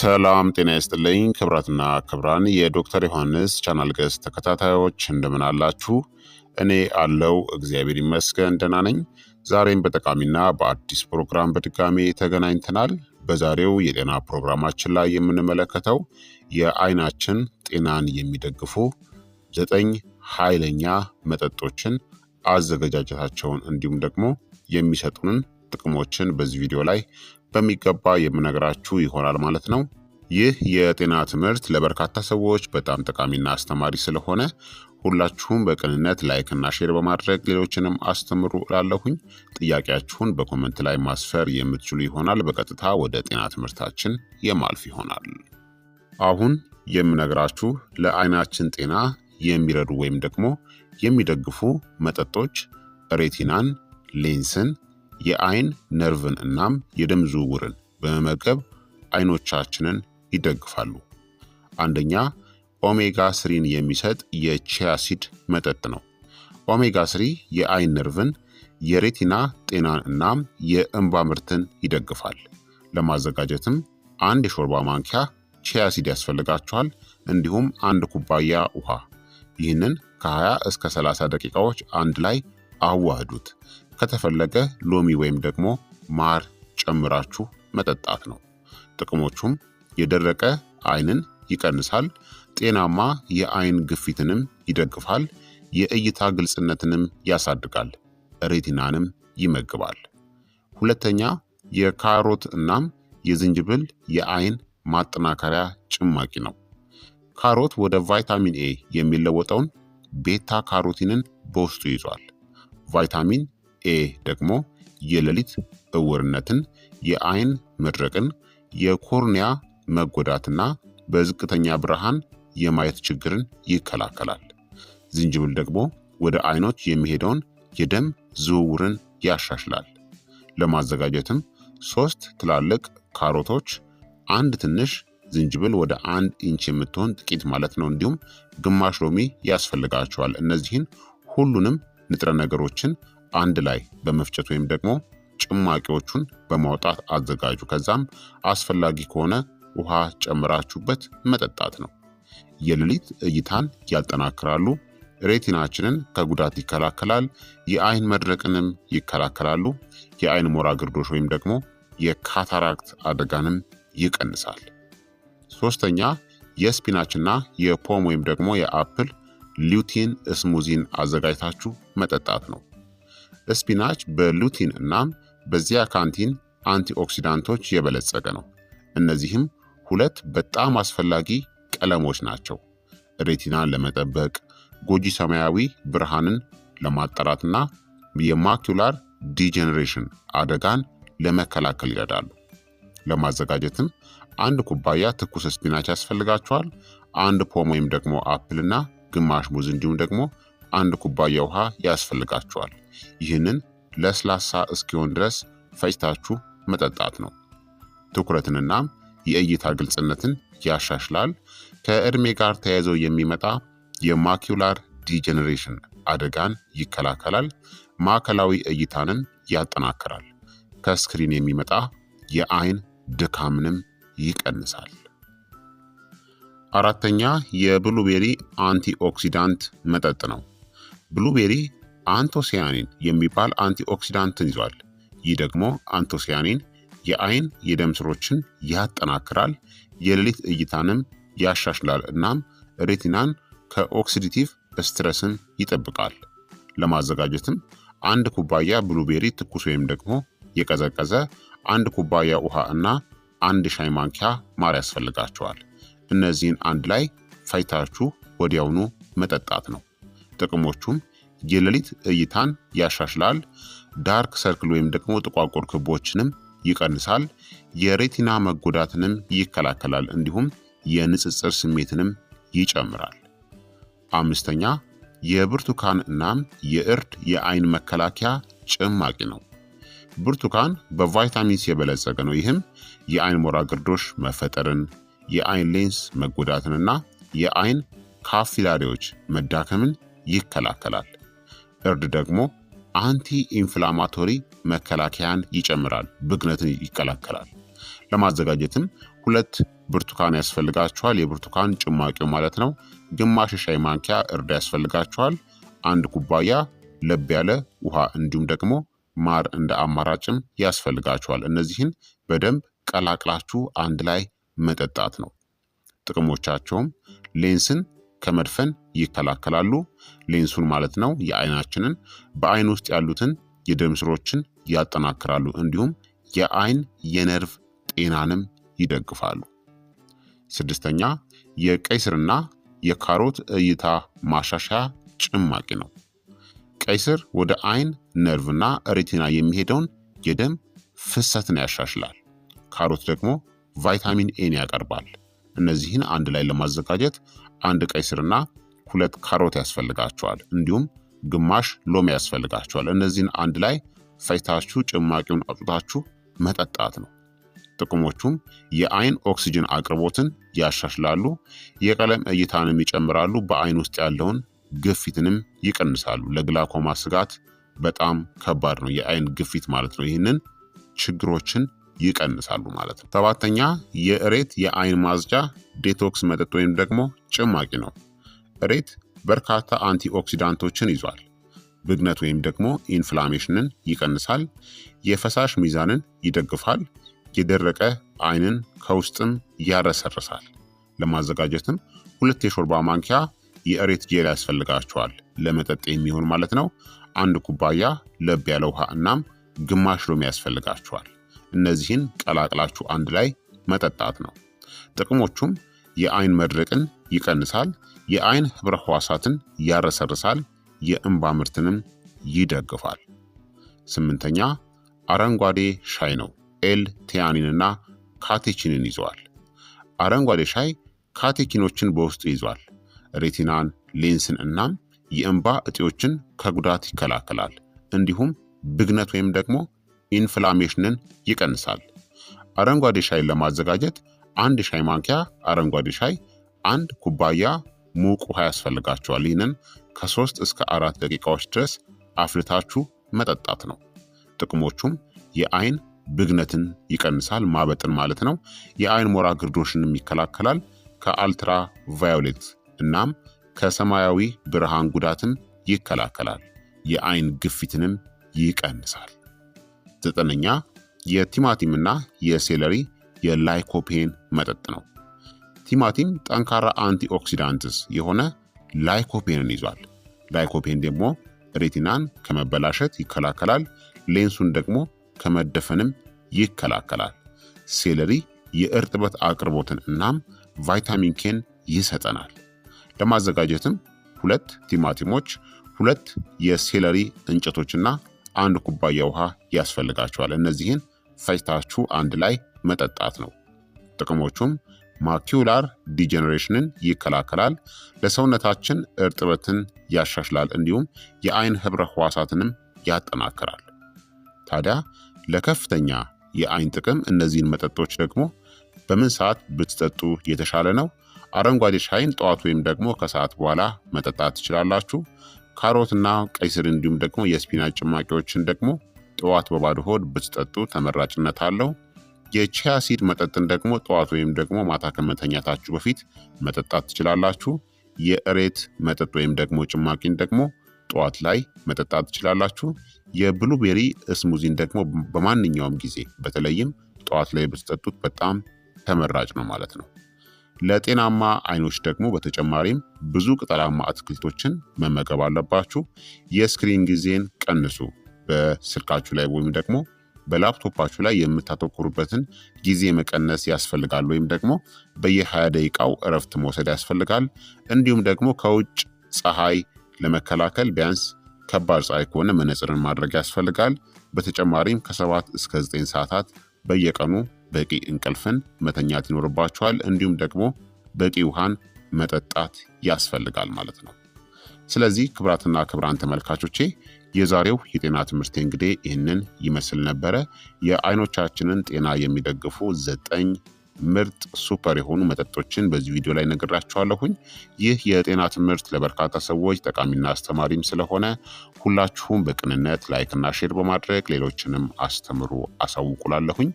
ሰላም ጤና ይስጥልኝ ክብራትና ክብራን የዶክተር ዮሐንስ ቻናል ገስ ተከታታዮች እንደምን አላችሁ? እኔ አለው እግዚአብሔር ይመስገን ደህና ነኝ። ዛሬም በጠቃሚና በአዲስ ፕሮግራም በድጋሜ ተገናኝተናል። በዛሬው የጤና ፕሮግራማችን ላይ የምንመለከተው የአይናችን ጤናን የሚደግፉ ዘጠኝ ኃይለኛ መጠጦችን አዘገጃጀታቸውን እንዲሁም ደግሞ የሚሰጡንን ጥቅሞችን በዚህ ቪዲዮ ላይ በሚገባ የምነግራችሁ ይሆናል ማለት ነው። ይህ የጤና ትምህርት ለበርካታ ሰዎች በጣም ጠቃሚና አስተማሪ ስለሆነ ሁላችሁም በቅንነት ላይክና ሼር በማድረግ ሌሎችንም አስተምሩ እላለሁኝ። ጥያቄያችሁን በኮመንት ላይ ማስፈር የምትችሉ ይሆናል። በቀጥታ ወደ ጤና ትምህርታችን የማልፍ ይሆናል። አሁን የምነግራችሁ ለአይናችን ጤና የሚረዱ ወይም ደግሞ የሚደግፉ መጠጦች ሬቲናን፣ ሌንስን የአይን ነርቭን እናም የደም ዝውውርን በመመገብ አይኖቻችንን ይደግፋሉ። አንደኛ ኦሜጋ ስሪን የሚሰጥ የቺያሲድ መጠጥ ነው። ኦሜጋ ስሪ የአይን ነርቭን፣ የሬቲና ጤናን እናም የእንባ ምርትን ይደግፋል። ለማዘጋጀትም አንድ የሾርባ ማንኪያ ቺያሲድ ያስፈልጋችኋል፣ እንዲሁም አንድ ኩባያ ውሃ። ይህንን ከ20 እስከ 30 ደቂቃዎች አንድ ላይ አዋህዱት። ከተፈለገ ሎሚ ወይም ደግሞ ማር ጨምራችሁ መጠጣት ነው። ጥቅሞቹም የደረቀ አይንን ይቀንሳል፣ ጤናማ የአይን ግፊትንም ይደግፋል፣ የእይታ ግልጽነትንም ያሳድጋል፣ ሬቲናንም ይመግባል። ሁለተኛ የካሮት እናም የዝንጅብል የአይን ማጠናከሪያ ጭማቂ ነው። ካሮት ወደ ቫይታሚን ኤ የሚለወጠውን ቤታ ካሮቲንን በውስጡ ይዟል። ቫይታሚን ኤ ደግሞ የሌሊት እውርነትን፣ የአይን መድረቅን፣ የኮርኒያ መጎዳትና በዝቅተኛ ብርሃን የማየት ችግርን ይከላከላል። ዝንጅብል ደግሞ ወደ አይኖች የሚሄደውን የደም ዝውውርን ያሻሽላል። ለማዘጋጀትም ሶስት ትላልቅ ካሮቶች፣ አንድ ትንሽ ዝንጅብል ወደ አንድ ኢንች የምትሆን ጥቂት ማለት ነው፣ እንዲሁም ግማሽ ሎሚ ያስፈልጋቸዋል። እነዚህን ሁሉንም ንጥረ ነገሮችን አንድ ላይ በመፍጨት ወይም ደግሞ ጭማቂዎቹን በማውጣት አዘጋጁ። ከዛም አስፈላጊ ከሆነ ውሃ ጨምራችሁበት መጠጣት ነው። የሌሊት እይታን ያጠናክራሉ፣ ሬቲናችንን ከጉዳት ይከላከላል፣ የአይን መድረቅንም ይከላከላሉ፣ የአይን ሞራ ግርዶሽ ወይም ደግሞ የካታራክት አደጋንም ይቀንሳል። ሶስተኛ የስፒናችና የፖም ወይም ደግሞ የአፕል ሊቲን ስሙዚን አዘጋጅታችሁ መጠጣት ነው። ስፒናች በሉቲን እናም በዚያ ካንቲን አንቲኦክሲዳንቶች የበለጸገ ነው። እነዚህም ሁለት በጣም አስፈላጊ ቀለሞች ናቸው። ሬቲናን ለመጠበቅ ጎጂ ሰማያዊ ብርሃንን ለማጣራትና የማኪላር ዲጀኔሬሽን አደጋን ለመከላከል ይረዳሉ። ለማዘጋጀትም አንድ ኩባያ ትኩስ ስፒናች ያስፈልጋቸዋል አንድ ፖም ወይም ደግሞ አፕልና ግማሽ ሙዝ እንዲሁም ደግሞ አንድ ኩባያ ውሃ ያስፈልጋቸዋል። ይህንን ለስላሳ እስኪሆን ድረስ ፈጭታችሁ መጠጣት ነው። ትኩረትንና የእይታ ግልጽነትን ያሻሽላል። ከእድሜ ጋር ተያይዘው የሚመጣ የማኪውላር ዲጀኔሬሽን አደጋን ይከላከላል። ማዕከላዊ እይታንን ያጠናክራል። ከስክሪን የሚመጣ የአይን ድካምንም ይቀንሳል። አራተኛ የብሉቤሪ አንቲ ኦክሲዳንት መጠጥ ነው። ብሉቤሪ አንቶሲያኒን የሚባል አንቲኦክሲዳንትን ይዟል። ይህ ደግሞ አንቶሲያኒን የአይን የደም ስሮችን ያጠናክራል፣ የሌሊት እይታንም ያሻሽላል፣ እናም ሬቲናን ከኦክሲዲቲቭ ስትረስን ይጠብቃል። ለማዘጋጀትም አንድ ኩባያ ብሉቤሪ ትኩስ ወይም ደግሞ የቀዘቀዘ አንድ ኩባያ ውሃ እና አንድ ሻይ ማንኪያ ማር ያስፈልጋቸዋል። እነዚህን አንድ ላይ ፋይታችሁ ወዲያውኑ መጠጣት ነው። ጥቅሞቹም የሌሊት እይታን ያሻሽላል። ዳርክ ሰርክል ወይም ደግሞ ጥቋቁር ክቦችንም ይቀንሳል። የሬቲና መጎዳትንም ይከላከላል። እንዲሁም የንጽጽር ስሜትንም ይጨምራል። አምስተኛ የብርቱካን እናም የእርድ የአይን መከላከያ ጭማቂ ነው። ብርቱካን በቫይታሚንስ የበለጸገ ነው። ይህም የአይን ሞራ ግርዶሽ መፈጠርን፣ የአይን ሌንስ መጎዳትንና የአይን ካፊላሪዎች መዳከምን ይከላከላል። እርድ ደግሞ አንቲ ኢንፍላማቶሪ መከላከያን ይጨምራል፣ ብግነትን ይከላከላል። ለማዘጋጀትም ሁለት ብርቱካን ያስፈልጋችኋል። የብርቱካን ጭማቂው ማለት ነው። ግማሽ ሻይ ማንኪያ እርድ ያስፈልጋችኋል። አንድ ኩባያ ለብ ያለ ውሃ እንዲሁም ደግሞ ማር እንደ አማራጭም ያስፈልጋችኋል። እነዚህን በደንብ ቀላቅላችሁ አንድ ላይ መጠጣት ነው። ጥቅሞቻቸውም ሌንስን ከመድፈን ይከላከላሉ። ሌንሱን ማለት ነው የአይናችንን በአይን ውስጥ ያሉትን የደም ስሮችን ያጠናክራሉ። እንዲሁም የአይን የነርቭ ጤናንም ይደግፋሉ። ስድስተኛ የቀይ ስርና የካሮት እይታ ማሻሻያ ጭማቂ ነው። ቀይ ስር ወደ አይን ነርቭና ሬቲና የሚሄደውን የደም ፍሰትን ያሻሽላል። ካሮት ደግሞ ቫይታሚን ኤን ያቀርባል። እነዚህን አንድ ላይ ለማዘጋጀት አንድ ቀይ ስርና ሁለት ካሮት ያስፈልጋቸዋል። እንዲሁም ግማሽ ሎሚ ያስፈልጋቸዋል። እነዚህን አንድ ላይ ፈጭታችሁ ጭማቂውን አውጥታችሁ መጠጣት ነው። ጥቅሞቹም የአይን ኦክሲጅን አቅርቦትን ያሻሽላሉ፣ የቀለም እይታንም ይጨምራሉ፣ በአይን ውስጥ ያለውን ግፊትንም ይቀንሳሉ። ለግላኮማ ስጋት በጣም ከባድ ነው፣ የአይን ግፊት ማለት ነው። ይህንን ችግሮችን ይቀንሳሉ ማለት ነው። ሰባተኛ የእሬት የአይን ማጽጃ ዴቶክስ መጠጥ ወይም ደግሞ ጭማቂ ነው። እሬት በርካታ አንቲኦክሲዳንቶችን ይዟል። ብግነት ወይም ደግሞ ኢንፍላሜሽንን ይቀንሳል። የፈሳሽ ሚዛንን ይደግፋል። የደረቀ አይንን ከውስጥም ያረሰርሳል። ለማዘጋጀትም ሁለት የሾርባ ማንኪያ የእሬት ጄል ያስፈልጋቸዋል። ለመጠጥ የሚሆን ማለት ነው። አንድ ኩባያ ለብ ያለ ውሃ እናም ግማሽ ሎሚ ያስፈልጋቸዋል። እነዚህን ቀላቅላችሁ አንድ ላይ መጠጣት ነው። ጥቅሞቹም የአይን መድረቅን ይቀንሳል፣ የአይን ህብረ ህዋሳትን ያረሰርሳል፣ የእንባ ምርትንም ይደግፋል። ስምንተኛ አረንጓዴ ሻይ ነው። ኤል ቲያኒንና ካቴኪንን ይዘዋል። አረንጓዴ ሻይ ካቴኪኖችን በውስጡ ይዟል። ሬቲናን፣ ሌንስን እናም የእንባ እጢዎችን ከጉዳት ይከላከላል። እንዲሁም ብግነት ወይም ደግሞ ኢንፍላሜሽንን ይቀንሳል። አረንጓዴ ሻይን ለማዘጋጀት አንድ ሻይ ማንኪያ አረንጓዴ ሻይ አንድ ኩባያ ሙቅ ውሃ ያስፈልጋቸዋል። ይህንን ከሶስት እስከ አራት ደቂቃዎች ድረስ አፍልታችሁ መጠጣት ነው። ጥቅሞቹም የአይን ብግነትን ይቀንሳል፣ ማበጥን ማለት ነው። የአይን ሞራ ግርዶሽንም ይከላከላል። ከአልትራ ቫዮሌት እናም ከሰማያዊ ብርሃን ጉዳትን ይከላከላል። የአይን ግፊትንም ይቀንሳል። ዘጠነኛ የቲማቲምና የሴለሪ የላይኮፔን መጠጥ ነው። ቲማቲም ጠንካራ አንቲኦክሲዳንትስ የሆነ ላይኮፔንን ይዟል። ላይኮፔን ደግሞ ሬቲናን ከመበላሸት ይከላከላል። ሌንሱን ደግሞ ከመደፈንም ይከላከላል። ሴለሪ የእርጥበት አቅርቦትን እናም ቫይታሚን ኬን ይሰጠናል። ለማዘጋጀትም ሁለት ቲማቲሞች፣ ሁለት የሴለሪ እንጨቶችና አንድ ኩባያ ውሃ ያስፈልጋቸዋል። እነዚህን ፈጭታችሁ አንድ ላይ መጠጣት ነው። ጥቅሞቹም ማኪውላር ዲጀነሬሽንን ይከላከላል፣ ለሰውነታችን እርጥበትን ያሻሽላል፣ እንዲሁም የአይን ህብረ ህዋሳትንም ያጠናክራል። ታዲያ ለከፍተኛ የአይን ጥቅም እነዚህን መጠጦች ደግሞ በምን ሰዓት ብትጠጡ የተሻለ ነው? አረንጓዴ ሻይን ጠዋት ወይም ደግሞ ከሰዓት በኋላ መጠጣት ትችላላችሁ። ካሮትና ቀይ ስር እንዲሁም ደግሞ የስፒናች ጭማቂዎችን ደግሞ ጠዋት በባዶ ሆድ ብትጠጡ ተመራጭነት አለው። የቺያ ሲድ መጠጥን ደግሞ ጠዋት ወይም ደግሞ ማታ ከመተኛታችሁ በፊት መጠጣት ትችላላችሁ። የእሬት መጠጥ ወይም ደግሞ ጭማቂን ደግሞ ጠዋት ላይ መጠጣት ትችላላችሁ። የብሉቤሪ እስሙዚን ደግሞ በማንኛውም ጊዜ በተለይም ጠዋት ላይ ብትጠጡት በጣም ተመራጭ ነው ማለት ነው። ለጤናማ አይኖች ደግሞ በተጨማሪም ብዙ ቅጠላማ አትክልቶችን መመገብ አለባችሁ። የስክሪን ጊዜን ቀንሱ። በስልካችሁ ላይ ወይም ደግሞ በላፕቶፓችሁ ላይ የምታተኩሩበትን ጊዜ መቀነስ ያስፈልጋል። ወይም ደግሞ በየ20 ደቂቃው እረፍት መውሰድ ያስፈልጋል። እንዲሁም ደግሞ ከውጭ ፀሐይ ለመከላከል ቢያንስ ከባድ ፀሐይ ከሆነ መነጽርን ማድረግ ያስፈልጋል። በተጨማሪም ከሰባት እስከ ዘጠኝ ሰዓታት በየቀኑ በቂ እንቅልፍን መተኛት ይኖርባችኋል። እንዲሁም ደግሞ በቂ ውሃን መጠጣት ያስፈልጋል ማለት ነው። ስለዚህ ክብራትና ክብራን ተመልካቾቼ የዛሬው የጤና ትምህርት እንግዲህ ይህንን ይመስል ነበረ። የአይኖቻችንን ጤና የሚደግፉ ዘጠኝ ምርጥ ሱፐር የሆኑ መጠጦችን በዚህ ቪዲዮ ላይ ነግራችኋለሁኝ። ይህ የጤና ትምህርት ለበርካታ ሰዎች ጠቃሚና አስተማሪም ስለሆነ ሁላችሁም በቅንነት ላይክና ሼር በማድረግ ሌሎችንም አስተምሩ አሳውቁላለሁኝ።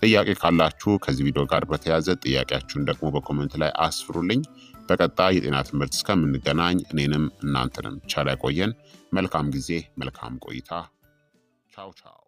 ጥያቄ ካላችሁ ከዚህ ቪዲዮ ጋር በተያዘ ጥያቄያችሁን ደግሞ በኮመንት ላይ አስፍሩልኝ። በቀጣይ የጤና ትምህርት እስከምንገናኝ እኔንም እናንተንም ቻላ ቆየን። መልካም ጊዜ፣ መልካም ቆይታ። ቻው ቻው።